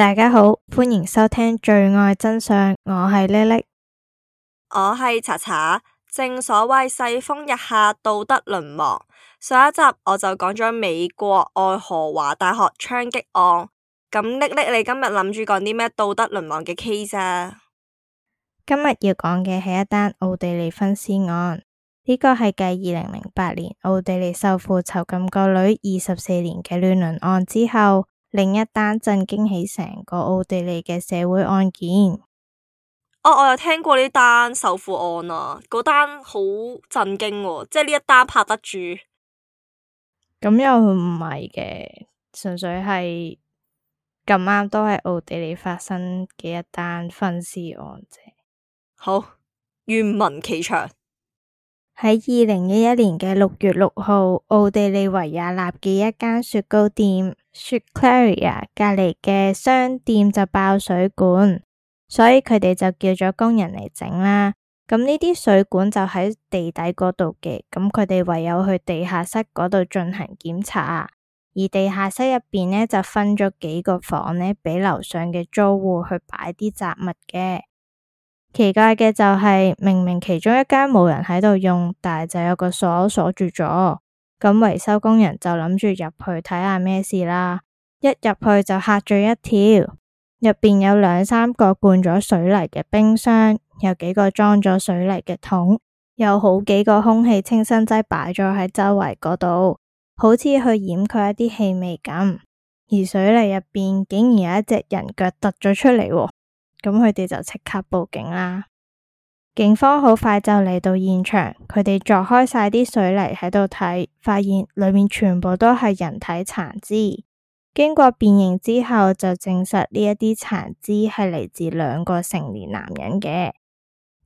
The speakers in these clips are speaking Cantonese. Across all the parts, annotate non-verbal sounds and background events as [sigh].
大家好，歡迎收聽《罪愛真相》，我是，我係叻叻，我係查查。正所謂世風日下，道德淪亡。上一集我就講咗美國愛荷華大學槍擊案。咁叻叻，你今日諗住講啲咩道德淪亡嘅 case 啊？今日要講嘅係一單奧地利分屍案，呢、這個係繼二零零八年奧地利獸父囚禁個女二十四年嘅亂倫案之後。另一單震驚起成個奧地利嘅社會案件。哦，我有聽過呢單首富案啊，嗰單好震驚喎，哦，即係呢一單拍得住。咁，嗯、又唔係嘅，純粹係咁啱都係奧地利發生嘅一單分屍案啫。好，願聞其詳。喺二零一一年嘅六月六號，奧地利維也納嘅一間雪糕店，雪克里亞隔籬嘅商店就爆水管，所以佢哋就叫咗工人嚟整啦。咁呢啲水管就喺地底嗰度嘅，咁佢哋唯有去地下室嗰度進行檢查。而地下室入邊呢，就分咗幾個房咧，俾樓上嘅租戶去擺啲雜物嘅。奇怪嘅就係、是、明明其中一間冇人喺度用，但係就有個鎖鎖住咗。咁維修工人就諗住入去睇下咩事啦，一入去就吓咗一跳，入邊有兩三個灌咗水泥嘅冰箱，有幾個裝咗水泥嘅桶，有好幾個空氣清新劑擺咗喺周圍嗰度，好似去掩蓋一啲氣味咁。而水泥入邊竟然有一隻人腳凸咗出嚟，咁佢哋就即刻報警啦。警方好快就嚟到現場，佢哋鑿開晒啲水泥喺度睇，發現裏面全部都係人體殘肢。經過辨認之後，就證實呢一啲殘肢係嚟自兩個成年男人嘅。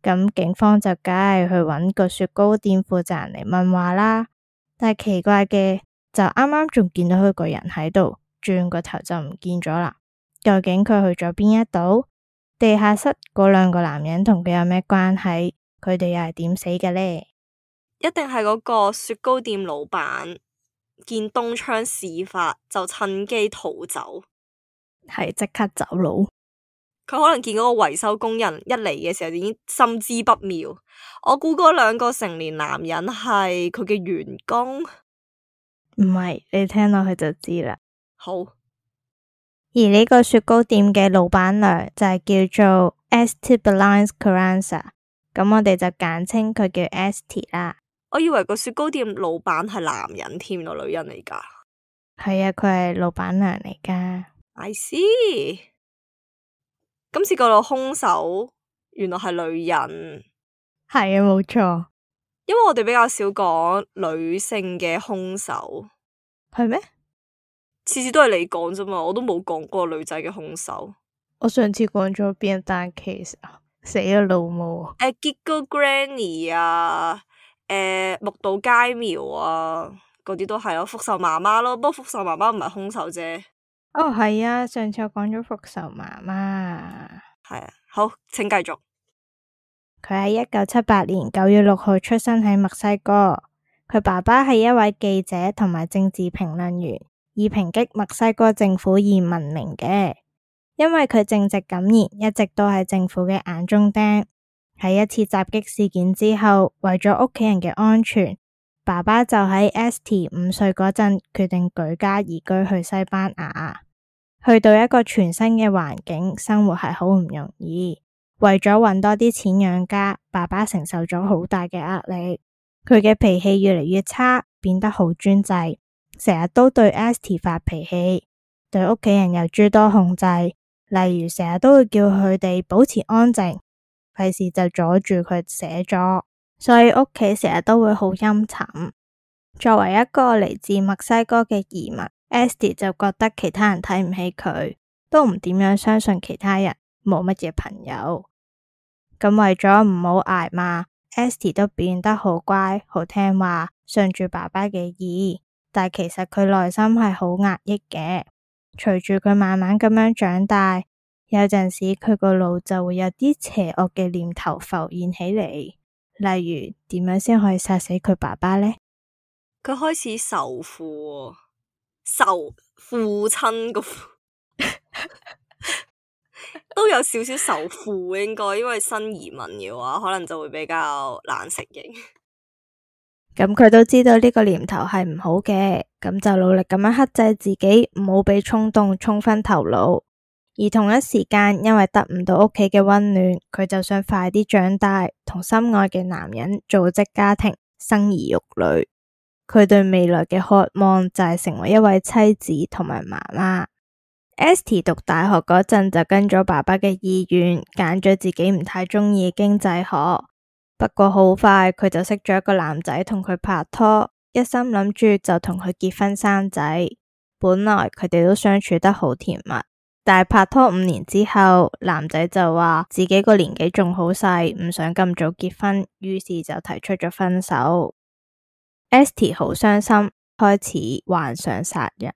咁、嗯、警方就梗係去揾個雪糕店負責人嚟問話啦。但係奇怪嘅就啱啱仲見到佢個人喺度，轉個頭就唔見咗啦。究竟佢去咗邊一度？地下室嗰兩個男人同佢有咩關係？佢哋又係點死嘅呢？一定係嗰個雪糕店老闆見東窗事發就趁機逃走，係即刻走佬。佢可能見嗰個維修工人一嚟嘅時候已經心知不妙。我估嗰兩個成年男人係佢嘅員工。唔係，你聽落去就知啦。好。而呢個雪糕店嘅老闆娘就係叫做 Estibaliz Carranza，咁我哋就簡稱佢叫 Esti 啊。我以為個雪糕店老闆係男人添咯，女人嚟噶。係啊，佢係老闆娘嚟噶。I see，今次個老凶手原來係女人。係啊，冇錯。因為我哋比較少講女性嘅凶手。係咩？次次都係你講啫嘛，我都冇講過女仔嘅凶手。我上次講咗邊一單 case 啊？死啊老母！誒，Giggle Granny 啊，誒、啊，木島佳苗啊，嗰啲都係我復仇媽媽咯。不過復仇媽媽唔係凶手啫。哦，係啊，上次我講咗復仇媽媽，係啊，好，請繼續。佢喺一九七八年九月六號出生喺墨西哥，佢爸爸係一位記者同埋政治評論員。以抨擊墨西哥政府而聞名嘅。因為佢正直敢言，一直都係政府嘅眼中釘。喺一次襲擊事件之後，為咗屋企人嘅安全，爸爸就喺 Esti 五歲嗰陣決定舉家移居去西班牙。去到一個全新嘅環境，生活係好唔容易。為咗搵多啲錢養家，爸爸承受咗好大嘅壓力，佢嘅脾氣越嚟越差，變得好專制。成日都對 Esty 發脾氣，對屋企人有諸多控制，例如成日都會叫佢哋保持安靜，費事就阻住佢寫作，所以屋企成日都會好陰沉。作為一個嚟自墨西哥嘅移民，Esty 就覺得其他人睇唔起佢，都唔點樣相信其他人，冇乜嘢朋友。咁為咗唔好挨罵，Esty 都變得好乖，好聽話，順住爸爸嘅意。但其實佢內心係好壓抑嘅。隨住佢慢慢咁樣長大，有陣時佢個腦就會有啲邪惡嘅念頭浮現起嚟，例如點樣先可以殺死佢爸爸呢？佢開始仇富，哦，仇父親個 [laughs] [laughs] 都有少少仇富應該，因為新移民嘅話，可能就會比較難適應。咁佢都知道呢個念頭係唔好嘅，咁就努力咁樣克制自己，唔好畀衝動衝昏頭腦。而同一時間，因為得唔到屋企嘅溫暖，佢就想快啲長大，同心愛嘅男人組織家庭，生兒育女。佢對未來嘅渴望就係成為一位妻子同埋媽媽。Esty [noise] 讀大學嗰陣就跟咗爸爸嘅意願，揀咗自己唔太中意嘅經濟學。不過好快佢就識咗一個男仔同佢拍拖，一心諗住就同佢結婚生仔。本來佢哋都相處得好甜蜜，但係拍拖五年之後，男仔就話自己個年紀仲好細，唔想咁早結婚，於是就提出咗分手。Esty 好傷心，開始幻想殺人。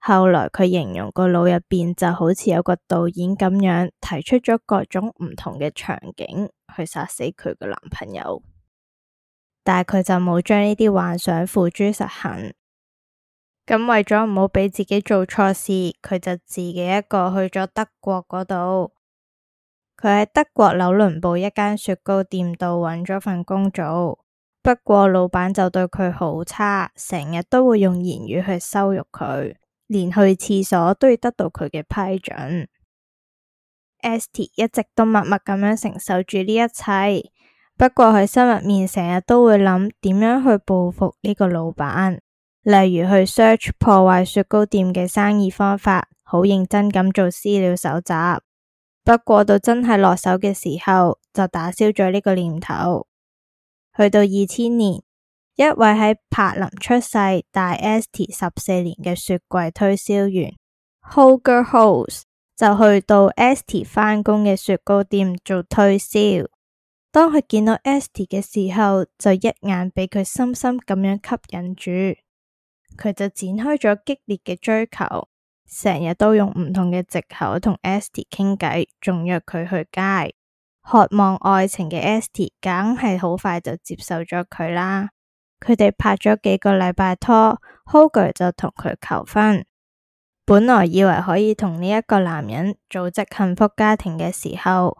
後來佢形容個腦入邊就好似有個導演咁樣，提出咗各種唔同嘅場景。去殺死佢嘅男朋友，但係佢就冇將呢啲幻想付諸實行。咁為咗唔好俾自己做錯事，佢就自己一個去咗德國嗰度。佢喺德國紐倫堡一間雪糕店度揾咗份工做，不過老闆就對佢好差，成日都會用言語去羞辱佢，連去廁所都要得到佢嘅批准。Esti 一直都默默咁樣承受住呢一切，不過佢心入面成日都會諗點樣去報復呢個老闆，例如去 search 破壞雪糕店嘅生意方法，好認真咁做資料搜集。不過到真係落手嘅時候，就打消咗呢個念頭。去到二千年，一位喺柏林出世、大 Esti 十四年嘅雪櫃推銷員，Holger Holz。就去到 Esty 翻工嘅雪糕店做推銷。當佢見到 Esty 嘅時候，就一眼俾佢深深咁樣吸引住。佢就展開咗激烈嘅追求，成日都用唔同嘅借口同 Esty 傾偈，仲約佢去街，渴望愛情嘅 Esty 梗係好快就接受咗佢啦。佢哋拍咗幾個禮拜拖，Hoger 就同佢求婚。本來以為可以同呢一個男人組織幸福家庭嘅時候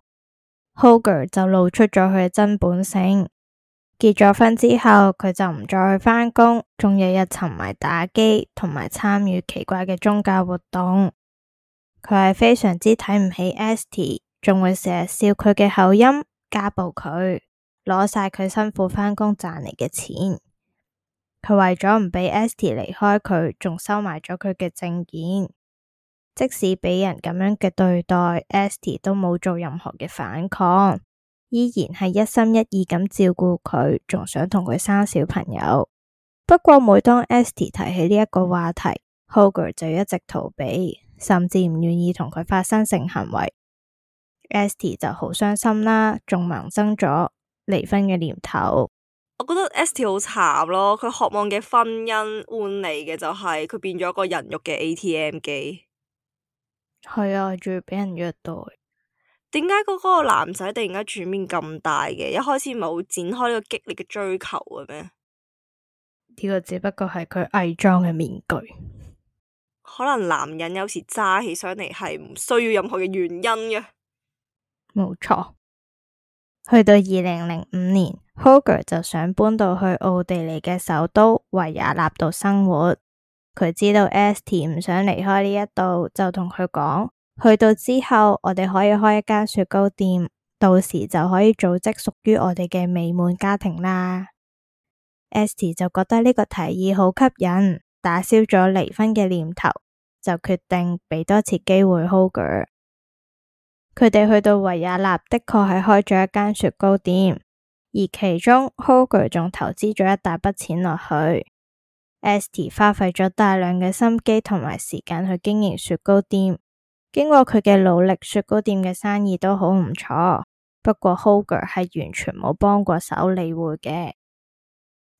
，Hoger 就露出咗佢嘅真本性。結咗婚之後，佢就唔再返工，仲日日沉迷打機同埋參與奇怪嘅宗教活動。佢係非常之睇唔起 Estie，仲會成日笑佢嘅口音，家暴佢，攞晒佢辛苦返工賺嚟嘅錢。佢為咗唔畀 Esty 離開佢，仲收埋咗佢嘅證件。即使畀人咁樣嘅對待，Esty 都冇做任何嘅反抗，依然係一心一意咁照顧佢，仲想同佢生小朋友。不過每當 Esty 提起呢一個話題，Hoger 就一直逃避，甚至唔願意同佢發生性行為。Esty 就好傷心啦，仲萌生咗離婚嘅念頭。我覺得 S T 好慘咯！佢渴望嘅婚姻換嚟嘅就係、是、佢變咗個人肉嘅 A T M 機。係啊，仲要俾人虐待。點解嗰個男仔突然間轉變咁大嘅？一開始冇展開呢個激烈嘅追求嘅咩？呢個只不過係佢偽裝嘅面具。可能男人有時揸起上嚟係唔需要任何嘅原因嘅。冇錯。去到二零零五年，Holger 就想搬到去奧地利嘅首都維也納度生活。佢知道 Esti 唔想離開呢一度，就同佢講：去到之後，我哋可以開一間雪糕店，到時就可以組織屬於我哋嘅美滿家庭啦。Esti 就覺得呢個提議好吸引，打消咗離婚嘅念頭，就決定畀多次機會 Holger。佢哋去到維也納的確係開咗一間雪糕店，而其中 Hogger 仲投資咗一大筆錢落去，Estie 花費咗大量嘅心機同埋時間去經營雪糕店。經過佢嘅努力，雪糕店嘅生意都好唔錯。不過 Hogger 係完全冇幫過手理會嘅。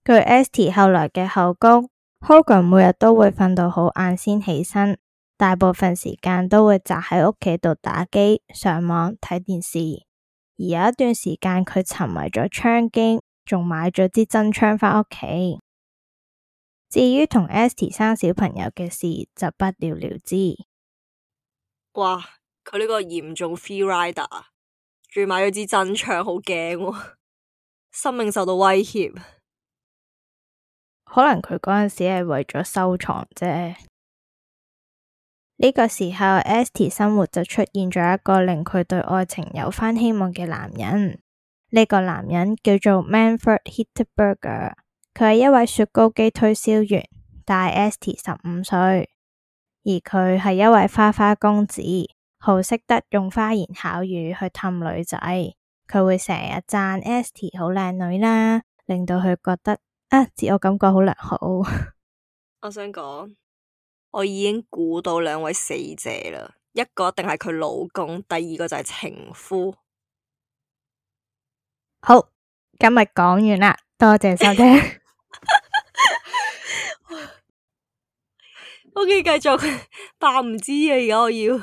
據 Estie 後來嘅口供，Hogger 每日都會瞓到好晏先起身。大部分時間都會宅喺屋企度打機、上網睇電視，而有一段時間佢沉迷咗槍擊，仲買咗支真槍返屋企。至於同 Esty 生小朋友嘅事，就不了了了之。哇！佢呢個嚴重 free rider，仲買咗支真槍，好驚啊，生命受到威脅。可能佢嗰陣時係為咗收藏啫。呢個時候，Estie 生活就出現咗一個令佢對愛情有返希望嘅男人。呢、這個男人叫做 Manfred Hinterberger，佢係一位雪糕機推銷員，大 Estie 十五歲，而佢係一位花花公子，好識得用花言巧語去氹女仔。佢會成日讚 Estie 好靚女啦，令到佢覺得啊，自我感覺好良好。 [laughs] 我想講。我已經估到兩位死者啦，一個一定係佢老公，第二個就係情夫。好，今日講完啦，多謝收聽 [laughs] [laughs] OK，繼續扮唔知啊！而家我要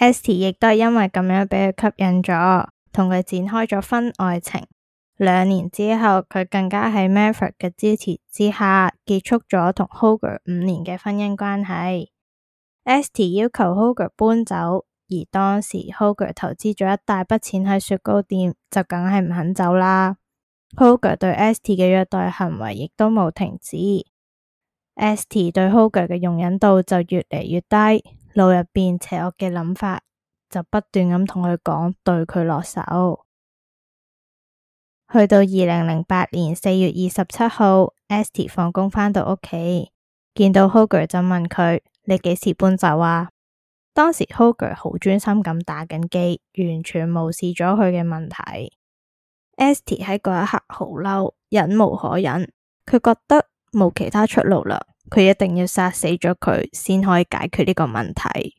Estie 亦都係因為咁樣畀佢吸引咗，同佢展開咗婚外情。兩年之後，佢更加喺 Maverick 嘅支持之下結束咗同 Hoger 五年嘅婚姻關係。St 要求 Hoger 搬走，而當時 Hoger 投資咗一大筆錢喺雪糕店，就梗係唔肯走啦。Hoger 對 St 嘅虐待行為亦都冇停止。St 對 Hoger 嘅容忍度就越嚟越低，腦入邊邪惡嘅諗法就不斷咁同佢講，對佢落手。去到二零零八年四月二十七號，Estie 放工返到屋企，見到 Hoger 就問佢：你幾時搬走啊？當時 Hoger 好專心咁打緊機，完全無視咗佢嘅問題。Estie 喺嗰一刻好嬲，忍無可忍，佢覺得冇其他出路啦，佢一定要殺死咗佢先可以解決呢個問題。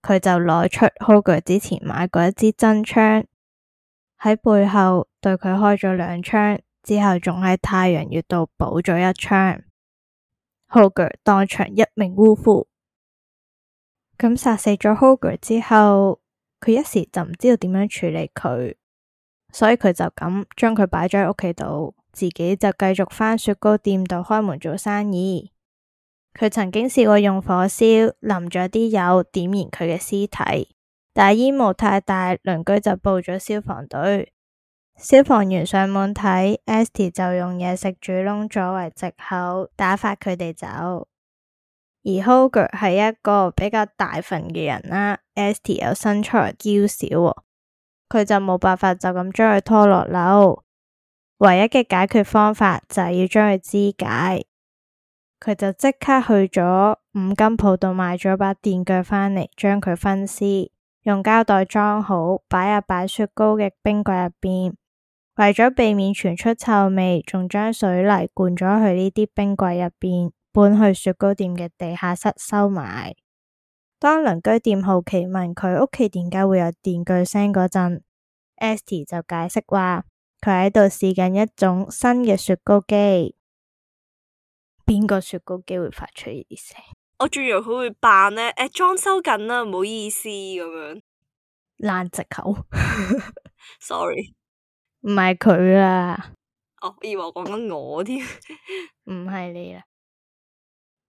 佢就攞出 Hoger 之前買過一支真槍。喺背後對佢開咗兩槍，之後仲喺太陽穴度補咗一槍，Hogger 當場一命嗚呼。咁殺死咗 Hogger 之後，佢一時就唔知道點樣處理佢，所以佢就咁將佢擺咗喺屋企度，自己就繼續返雪糕店度開門做生意。佢曾經試過用火燒淋咗啲油點燃佢嘅屍體。但煙霧太大，鄰居就報咗消防隊。消防員上門睇，Esty 就用嘢食煮燶作為藉口打發佢哋走。而 Holger 係一個比較大份嘅人啦，Esty 又身材嬌小，佢就冇辦法就咁將佢拖落樓。唯一嘅解決方法就係要將佢肢解。佢就即刻去咗五金鋪度買咗把電鋸返嚟，將佢分屍。用膠袋裝好，擺入擺雪糕嘅冰櫃入邊。為咗避免傳出臭味，仲將水泥灌咗去呢啲冰櫃入邊，搬去雪糕店嘅地下室收埋。當鄰居店好奇問佢屋企點解會有電鋸聲嗰陣，Esty 就解釋話佢喺度試緊一種新嘅雪糕機，邊個雪糕機會發出呢啲聲？我仲以為佢會扮呢？誒，裝修緊啦，唔好意思咁樣爛借口，sorry，唔係佢啦，哦，oh，以為我講緊我添，唔 [laughs] 係你啦。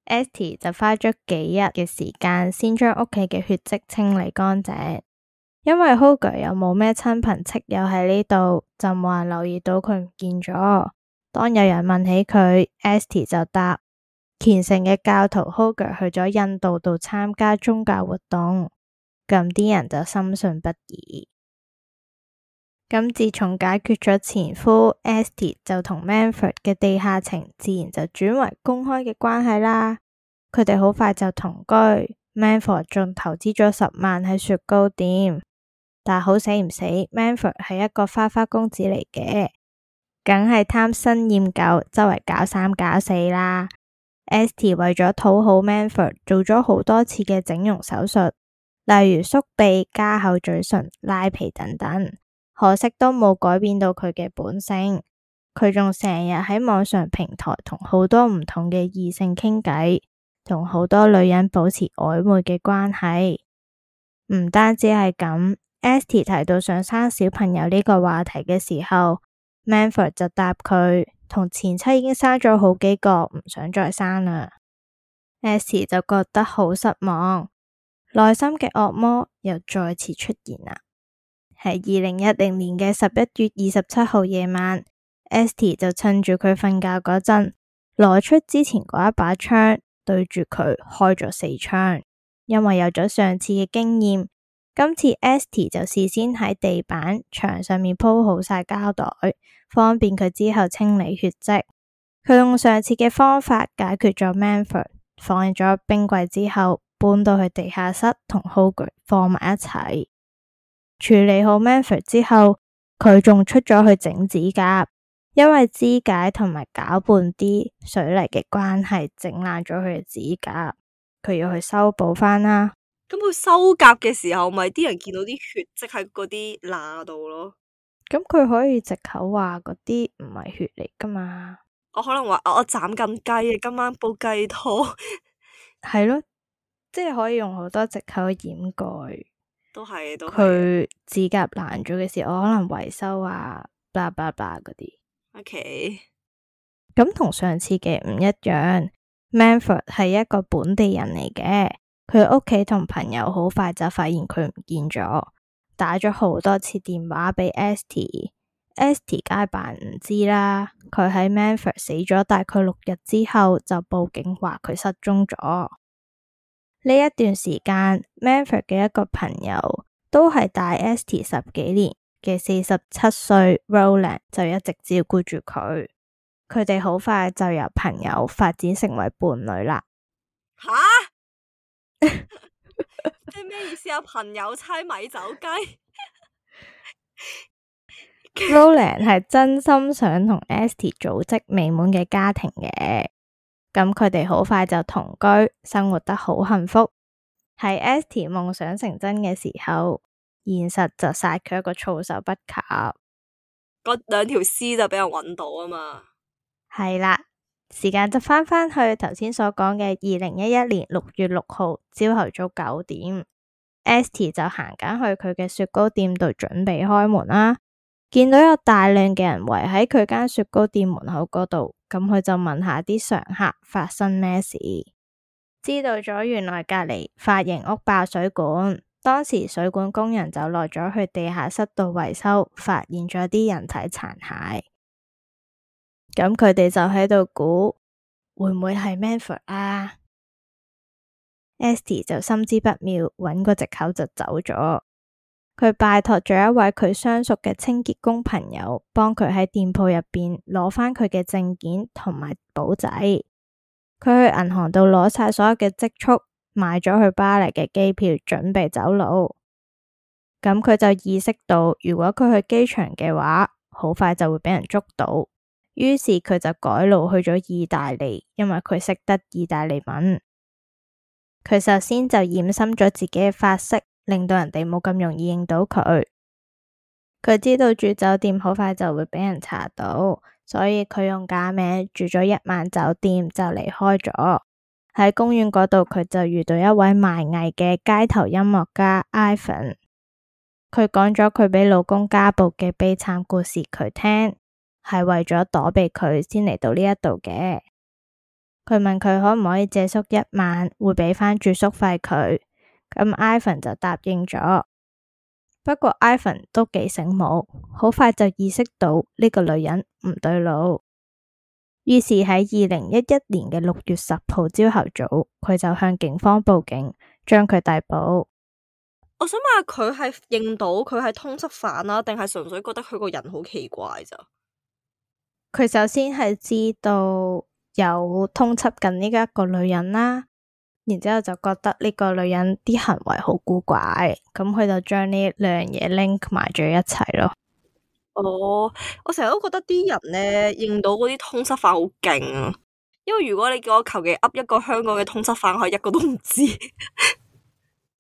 Esti 就花咗幾日嘅時間先將屋企嘅血跡清理乾淨，因為 Hoger 又冇咩親朋戚友喺呢度，就冇人留意到佢唔見咗。當有人問起佢，Esti 就答。虔誠嘅教徒 Huger 去咗印度度參加宗教活動，咁啲人就深信不疑。咁自從解決咗前夫 Estie 就同 Manford 嘅地下情，自然就轉為公開嘅關係啦。佢哋好快就同居，Manford 仲投資咗十萬喺雪糕店，但好死唔死，Manford 係一個花花公子嚟嘅，梗係貪新厭舊，周圍搞三搞四啦。Esty 為咗討好 Manford，做咗好多次嘅整容手術，例如縮鼻、加厚嘴唇、拉皮等等。可惜都冇改變到佢嘅本性。佢仲成日喺網上平台同好多唔同嘅異性傾偈，同好多女人保持曖昧嘅關係。唔單止係咁，Esty 提到想生小朋友呢個話題嘅時候，Manford 就答佢。同前妻已經生咗好幾個，唔想再生啦。Esti 就覺得好失望，內心嘅惡魔又再次出現喇。喺二零一零年嘅十一月二十七號夜晚，Esti 就趁住佢瞓覺嗰陣，攞出之前嗰一把槍對住佢開咗四槍，因為有咗上次嘅經驗。今次 Esty 就事先喺地板、牆上面鋪好晒膠袋，方便佢之後清理血跡。佢用上次嘅方法解決咗 Manfred，放咗冰櫃之後，搬到去地下室同 Hugo 放埋一齊。處理好 Manfred 之後，佢仲出咗去整指甲，因為肢解同埋攪拌啲水泥嘅關係，整爛咗佢嘅指甲，佢要去修補返啦。咁佢收甲嘅時候，咪啲人見到啲血跡喺嗰啲罅度咯。咁佢可以藉口話嗰啲唔係血嚟噶嘛？我可能話我斬咁雞啊，今晚煲雞湯。係咯，即係可以用好多藉口掩蓋。都係，都佢指甲爛咗嘅時候，我可能維修啊，吧吧吧嗰啲。O K。咁同上次嘅唔一樣，Manfred 係一個本地人嚟嘅。佢屋企同朋友好快就發現佢唔見咗，打咗好多次電話畀 Estie，Estie 街扮唔知啦。佢喺 Manfred 死咗大概六日之後就報警話佢失蹤咗。呢一段時間，Manfred 嘅一個朋友都係大 Estie 十幾年嘅四十七歲 Roland 就一直照顧住佢，佢哋好快就由朋友發展成為伴侶啦。咩 [laughs] 意思啊？朋友猜米走雞。 [laughs] Roland 係真心想同 Estie 組織美滿嘅家庭嘅，咁佢哋好快就同居，生活得好幸福。喺 Estie 夢想成真嘅時候，現實就殺佢一個措手不及。嗰兩條屍就俾人揾到啊嘛，係啦。時間就返返去頭先所講嘅二零一一年六月六號朝頭早九點，Esty 就行緊去佢嘅雪糕店度準備開門啦。見到有大量嘅人圍喺佢間雪糕店門口嗰度，咁佢就問下啲常客發生咩事。知道咗原來隔籬髮型屋爆水管，當時水管工人就落咗去地下室度維修，發現咗啲人體殘骸。咁佢哋就喺度估會唔會係 Manfred 啊？Esty 就心知不妙，揾個藉口就走咗。佢拜託咗一位佢相熟嘅清潔工朋友，幫佢喺店鋪入邊攞返佢嘅證件同埋簿仔。佢去銀行度攞晒所有嘅積蓄，買咗去巴黎嘅機票，準備走佬。咁佢就意識到，如果佢去機場嘅話，好快就會俾人捉到。於是佢就改路去咗意大利，因為佢識得意大利文。佢首先就染深咗自己嘅髮色，令到人哋冇咁容易認到佢。佢知道住酒店好快就會俾人查到，所以佢用假名住咗一晚酒店就離開咗。喺公園嗰度，佢就遇到一位賣藝嘅街頭音樂家 Ivan。佢講咗佢畀老公家暴嘅悲慘故事，佢聽。係為咗躲避佢，先嚟到呢一度嘅。佢問佢可唔可以借宿一晚，會俾返住宿費佢。咁 Ivan 就答應咗。不過 Ivan 都幾醒目，好快就意識到呢個女人唔對路。於是喺二零一一年嘅六月十號朝頭早，佢就向警方報警，將佢逮捕。我想問下，佢係認到佢係通緝犯啦，定係純粹覺得佢個人好奇怪咋？佢首先係知道有通緝緊呢一個女人啦，然之後就覺得呢個女人啲行為好古怪，咁佢就將呢兩樣嘢 link 埋咗一齊咯。哦，我成日都覺得啲人咧認到嗰啲通緝犯好勁啊，因為如果你叫我求其噏一個香港嘅通緝犯，我係一個都唔知。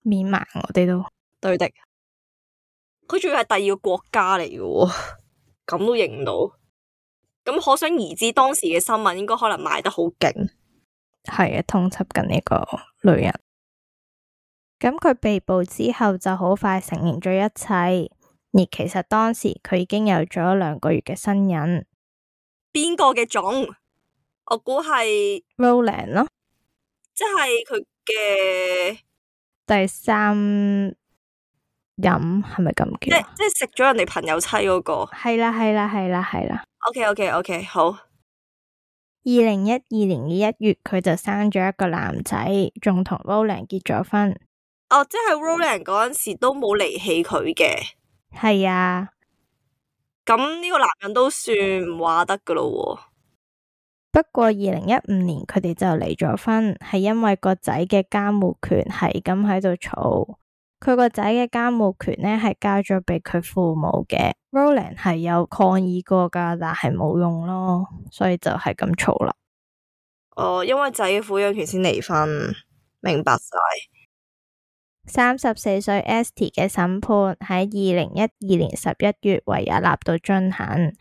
面 [laughs] 盲我哋都對的，佢仲要係第二個國家嚟嘅。哦，咁都認唔到。咁可想而知，當時嘅新聞應該可能賣得好勁。係啊，通緝緊呢個女人。咁佢被捕之後，就好快承認咗一切。而其實當時佢已經有咗兩個月嘅身孕。邊個嘅種？我估係 Roland 咯吧，即係佢嘅第三任，係咪咁叫？即即食咗人哋朋友妻嗰、那個。係啦，係啦，係啦，係啦。O K O K O K 好。二零一二年嘅一月，佢就生咗一個男仔，仲同 Rolling 結咗婚。哦，即係 Rolling 嗰陣時都冇離棄佢嘅。係 [noise] 啊。咁呢個男人都算唔話得噶咯喎。不過二零一五年佢哋就離咗婚，係因為個仔嘅監護權係咁喺度吵。佢個仔嘅監護權咧，係交咗畀佢父母嘅，Rollin 係有抗議過噶，但係冇用咯，所以就係咁嘈啦。哦，因為仔嘅撫養權先離婚，明白晒。三十四歲 Esther 嘅審判喺二零一二年十一月維也納度進行，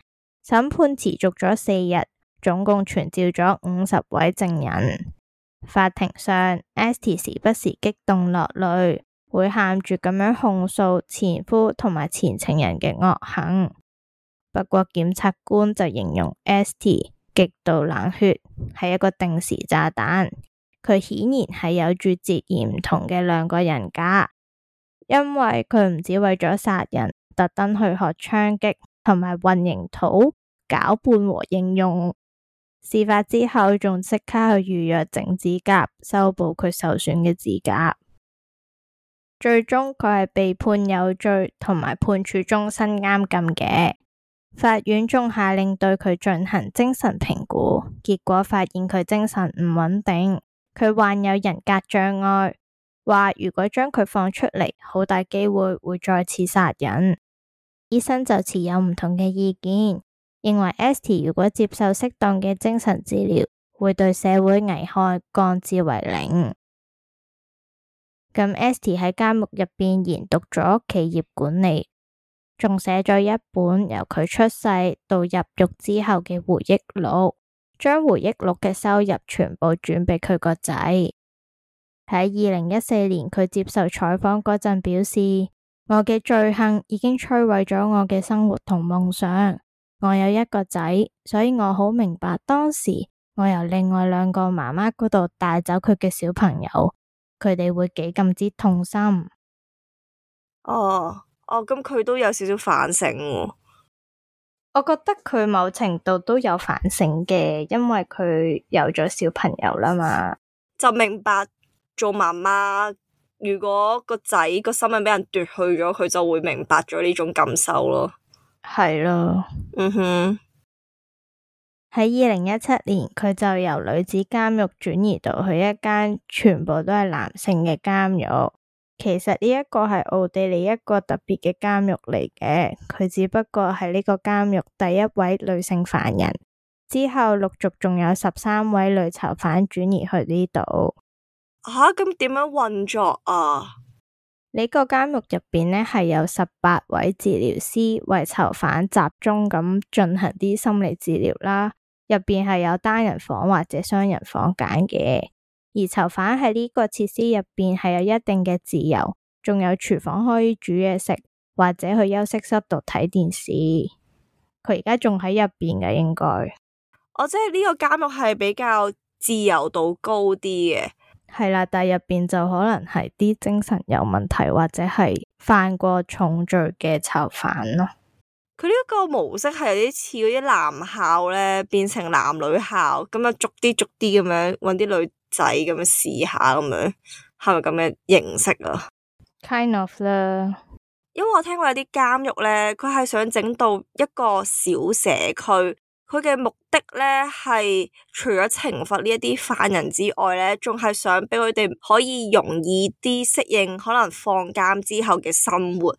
審判持續咗四日，總共傳召咗五十位證人。法庭上，Esther 時不時激動落淚。會喊住咁樣控訴前夫同埋前情人嘅惡行，不過檢察官就形容 S.T 極度冷血，係一個定時炸彈。佢顯然係有住截然唔同嘅兩個人格，因為佢唔止為咗殺人，特登去學槍擊同埋混凝土攪拌和應用。事發之後，仲即刻去預約整指甲，修補佢受損嘅指甲。最終佢係被判有罪，同埋判處終身監禁嘅。法院仲下令對佢進行精神評估，結果發現佢精神唔穩定，佢患有人格障礙，話如果將佢放出嚟，好大機會會再次殺人。醫生就持有唔同嘅意見，認為 Esther 如果接受適當嘅精神治療，會對社會危害降至為零。咁 Esty 喺監獄入邊研讀咗企業管理，仲寫咗一本由佢出世到入獄之後嘅回憶錄，將回憶錄嘅收入全部轉俾佢個仔。喺二零一四年佢接受採訪嗰陣表示，我嘅罪行已經摧毀咗我嘅生活同夢想。我有一個仔，所以我好明白當時我由另外兩個媽媽嗰度帶走佢嘅小朋友。佢哋會幾咁之痛心。哦，哦，咁佢都有少少反省。哦。我覺得佢某程度都有反省嘅，因為佢有咗小朋友啦嘛，就明白做媽媽，如果個仔個生命畀人奪去咗，佢就會明白咗呢種感受咯。係咯，嗯哼。喺二零一七年，佢就由女子監獄轉移到去一間全部都係男性嘅監獄。其實呢一個係奧地利一個特別嘅監獄嚟嘅，佢只不過係呢個監獄第一位女性犯人。之後陸續仲有十三位女囚犯轉移去呢度。吓、啊，咁點樣運作啊？呢個監獄入邊呢，係有十八位治療師為囚犯集中咁進行啲心理治療啦。入邊係有單人房或者雙人房揀嘅，而囚犯喺呢個設施入邊係有一定嘅自由，仲有廚房可以煮嘢食或者去休息室度睇電視。佢而家仲喺入邊嘅應該，應該。我即係呢個監獄係比較自由度高啲嘅，係啦，但係入邊就可能係啲精神有問題或者係犯過重罪嘅囚犯咯。佢呢一個模式係有啲似嗰啲男校咧，變成男女校，咁樣逐啲逐啲咁樣搵啲女仔咁樣試下樣，咁樣係咪咁嘅形式啊？Kind of 啦，因為我聽過有啲監獄咧，佢係想整到一個小社區，佢嘅目的咧係除咗懲罰呢一啲犯人之外咧，仲係想俾佢哋可以容易啲適應可能放監之後嘅生活。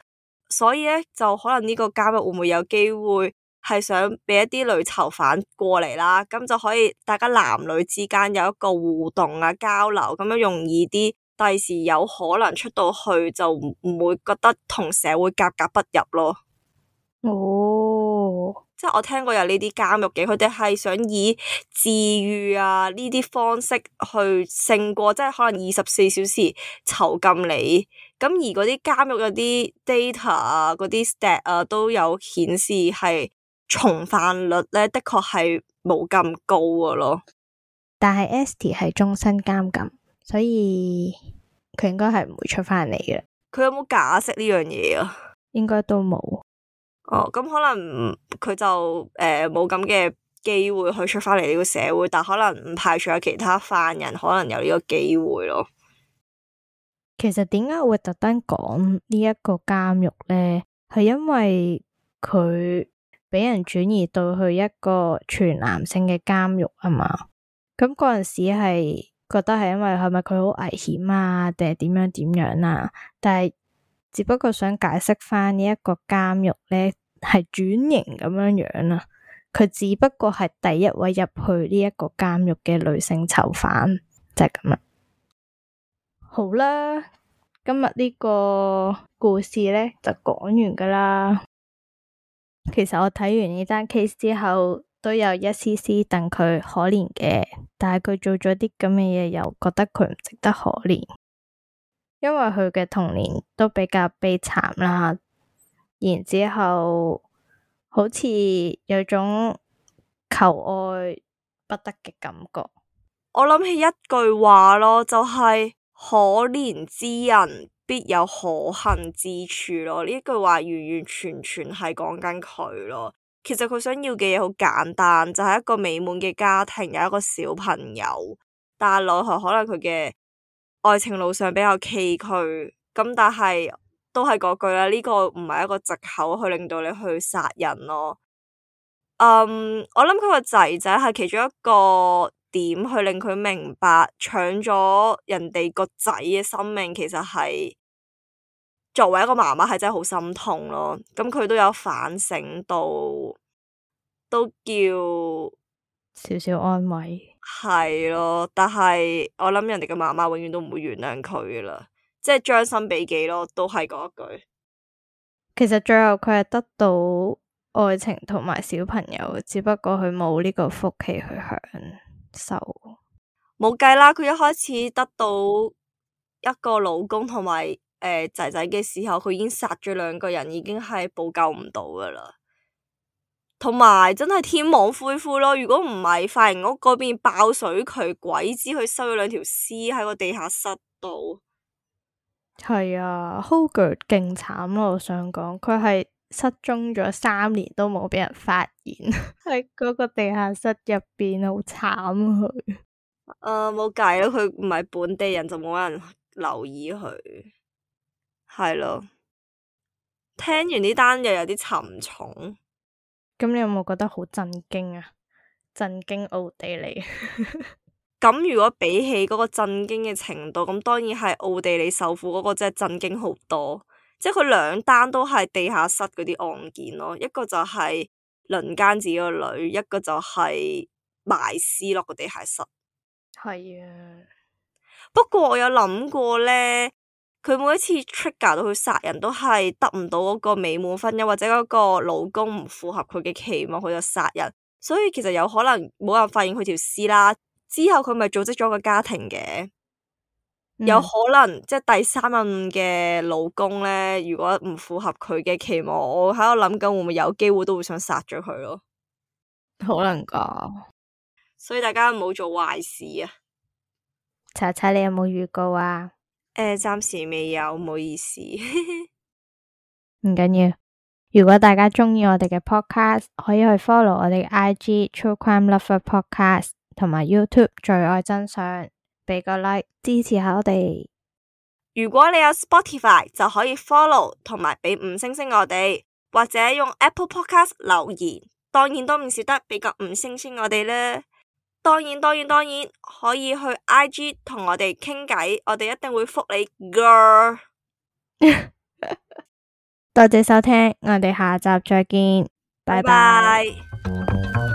所以咧，就可能呢個監獄會唔會有機會係想畀一啲女囚犯過嚟啦？咁就可以大家男女之間有一個互動啊、交流咁樣容易啲，第時有可能出到去就唔會覺得同社會格格不入咯。哦。即係我聽過有呢啲監獄嘅，佢哋係想以治癒啊呢啲方式去勝過，即係可能二十四小時囚禁你。咁而嗰啲監獄有啲 data 啊，嗰啲 stat 啊，都有顯示係重犯率咧，的確係冇咁高噶咯。但係 Estie 係終身監禁，所以佢應該係唔會出翻嚟嘅。佢有冇假釋呢樣嘢啊？應該都冇。哦，咁可能佢就誒冇咁嘅機會去出翻嚟，呢個社會，但可能唔排除有其他犯人可能有呢個機會咯。其實點解會特登講呢一個監獄咧？係因為佢畀人轉移到去一個全男性嘅監獄啊嘛。咁嗰陣時係覺得係因為係咪佢好危險啊？定係點樣點樣啊？但係。只不過想解釋返呢一個監獄咧，係轉型咁樣樣啦，佢只不過係第一位入去呢一個監獄嘅女性囚犯，就係咁啦。好啦，今日呢個故事咧就講完噶啦。其實我睇完呢單 case 之後，都有一絲絲戥佢可憐嘅，但係佢做咗啲咁嘅嘢，又覺得佢唔值得可憐。因為佢嘅童年都比較悲慘啦，然之後好似有種求愛不得嘅感覺。我諗起一句話咯，就係、是、可憐之人必有可恨之處咯。呢句話完完全全係講緊佢咯。其實佢想要嘅嘢好簡單，就係、是、一個美滿嘅家庭，有一個小朋友。但係奈何可能佢嘅愛情路上比較崎嶇，咁但係都係嗰句啦，呢個唔係一個藉口去令到你去殺人咯。嗯，我諗佢個仔仔係其中一個點去令佢明白搶咗人哋個仔嘅生命，其實係作為一個媽媽係真係好心痛咯。咁佢都有反省到，都叫少少安慰。係咯，但係我諗人哋嘅媽媽永遠都唔會原諒佢㗎啦，即係將心比己咯，都係嗰一句。其實最後佢係得到愛情同埋小朋友，只不過佢冇呢個福氣去享受。冇計啦，佢一開始得到一個老公同埋誒仔仔嘅時候，佢已經殺咗兩個人，已經係補救唔到噶啦。同埋真係天網恢恢咯，如果唔係髮型屋嗰邊爆水渠，鬼知佢收咗兩條屍喺個地下室度。係啊，Holger 勁慘咯！我想講，佢係失蹤咗三年都冇畀人發現，喺嗰個地下室入邊，好慘啊。誒，冇計咯，佢唔係本地人就冇人留意佢，係咯。聽完呢單又有啲沉重。咁你有冇覺得好震驚啊？震驚奧地利 [laughs] ？咁如果比起嗰個震驚嘅程度，咁當然係奧地利首富嗰個真係震驚好多。即係佢兩單都係地下室嗰啲案件咯，一個就係輪奸自己個女，一個就係埋屍落個地下室。係啊。不過我有諗過咧。佢每一次出嫁到去殺人都係得唔到嗰個美滿婚姻，或者嗰個老公唔符合佢嘅期望，佢就殺人。所以其實有可能冇人發現佢條屍啦。之後佢咪組織咗個家庭嘅，嗯、有可能即係第三任嘅老公咧，如果唔符合佢嘅期望，我喺度諗緊會唔會有機會都會想殺咗佢咯。可能㗎，啊。所以大家唔好做壞事啊！查查你有冇預告啊？誒，呃，暫時未有，唔好意思，唔緊要。如果大家鍾意我哋嘅 podcast，可以去 follow 我哋 IG True Crime Lover Podcast，同埋 YouTube 最愛真相，畀個 like 支持下我哋。如果你有 Spotify，就可以 follow 同埋畀五星星我哋，或者用 Apple Podcast 留言。當然都唔少得畀個五星星我哋啦。當然，當然，當然，當然可以去 IG 同我哋傾偈，我哋一定會覆你噶。Girl、 [laughs] 多謝收聽，我哋下集再見，拜拜 bye。Bye bye